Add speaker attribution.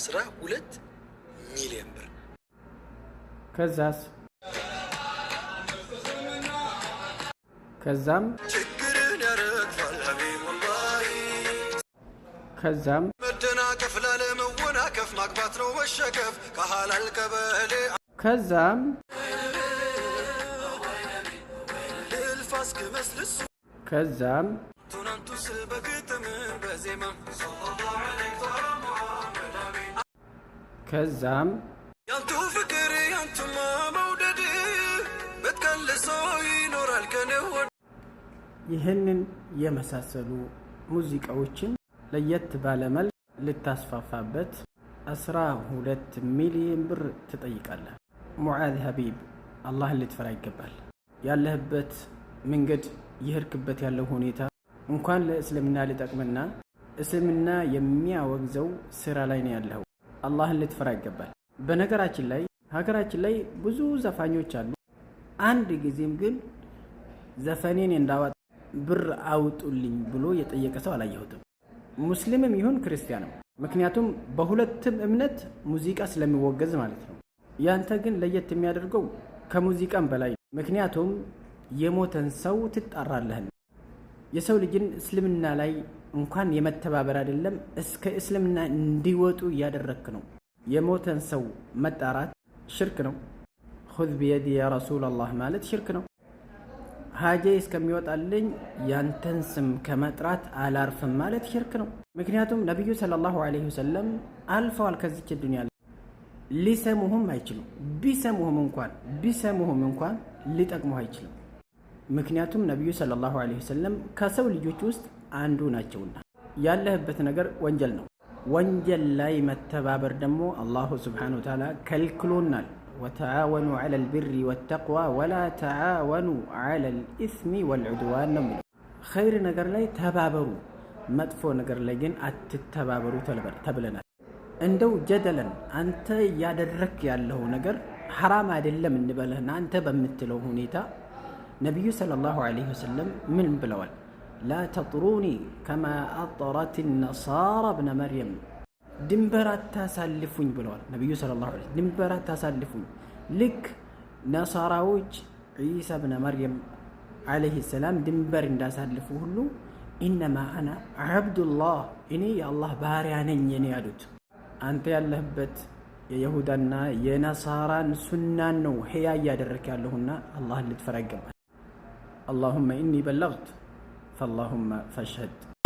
Speaker 1: አስራ ሁለት ሚሊዮን ብር
Speaker 2: ከዛስ ከዛም ከዛም መደናቀፍ ላለመወናቀፍ ማግባት ነው መሸከፍ ከሀላል ከበሌ ከዛም ከዛም ቱናንቱስ በግጥም በዜማ ከዛም ያንቱ ፍቅር ያንቱማ መውደድ ይኖራል ይህንን የመሳሰሉ ሙዚቃዎችን ለየት ባለመልክ ልታስፋፋበት አስራ ሁለት ሚሊዮን ብር ትጠይቃለህ። ሙዓዝ ሀቢብ አላህን ልትፈራ ይገባል። ያለህበት መንገድ ይህርክበት ያለው ሁኔታ እንኳን ለእስልምና ሊጠቅምና እስልምና የሚያወግዘው ስራ ላይ ነው ያለው። አላህን ልትፈራ ይገባል። በነገራችን ላይ ሀገራችን ላይ ብዙ ዘፋኞች አሉ። አንድ ጊዜም ግን ዘፈኔን እንዳወጣ ብር አውጡልኝ ብሎ የጠየቀ ሰው አላየሁትም፣ ሙስሊምም ይሁን ክርስቲያንም። ምክንያቱም በሁለትም እምነት ሙዚቃ ስለሚወገዝ ማለት ነው። ያንተ ግን ለየት የሚያደርገው ከሙዚቃም በላይ ምክንያቱም የሞተን ሰው ትጣራለህን። የሰው ልጅን እስልምና ላይ እንኳን የመተባበር አይደለም እስከ እስልምና እንዲወጡ እያደረግክ ነው። የሞተን ሰው መጣራት ሽርክ ነው። ሁዝ ብየዲ ያ ረሱል ማለት ሽርክ ነው። ሀጄ እስከሚወጣልኝ ያንተን ስም ከመጥራት አላርፍም ማለት ሽርክ ነው። ምክንያቱም ነቢዩ ሰለላሁ ዐለይሂ ወሰለም አልፈዋል ከዚች ዱንያ ሊሰሙሁም አይችሉም። ቢሰሙሁም እንኳን ቢሰሙሁም እንኳን ሊጠቅሙ አይችልም። ምክንያቱም ነቢዩ ሰለላሁ ዐለይሂ ወሰለም ከሰው ልጆች ውስጥ አንዱ ናቸውና ያለህበት ነገር ወንጀል ነው። ወንጀል ላይ መተባበር ደግሞ አላሁ ስብሓነ ወተዓላ ከልክሎናል። ወተዓወኑ ዐለል ቢሪ ወተቅዋ ወላ ተዓወኑ ዐለል ኢስሚ ወልዑድዋን ነው የሚለው። ኸይር ነገር ላይ ተባበሩ፣ መጥፎ ነገር ላይ ግን አትተባበሩ ተብለናል። እንደው ጀደለን አንተ እያደረክ ያለው ነገር ሐራም አይደለም እንበለህና አንተ በምትለው ሁኔታ ነቢዩ ሰለላሁ ዐለይሂ ወሰለም ምን ብለዋል? ላ ተጥሩኒ ከማ አጠረት ነሳራ ብነ መርየም ድንበር አታሳልፉኝ ብለዋል ነቢዩ ሰለላሁ ዐለይሂ ወሰለም። ድንበር አታሳልፉኝ ልክ ነሳራዎች ዒሳ ብነ መርየም ዐለይሂ ሰላም ድንበር እንዳሳልፉ ሁሉ ኢነማ አና ዐብዱላህ እኔ የአላህ ባሪያ ነኝ እኔ ያሉት አንተ ያለህበት የይሁዳና የነሳራን ሱናን ነው ሕያ እያደረክ ያለሁና አላህን ልትፈራ ይገባል። اللهم إني بلغت فاللهم فاشهد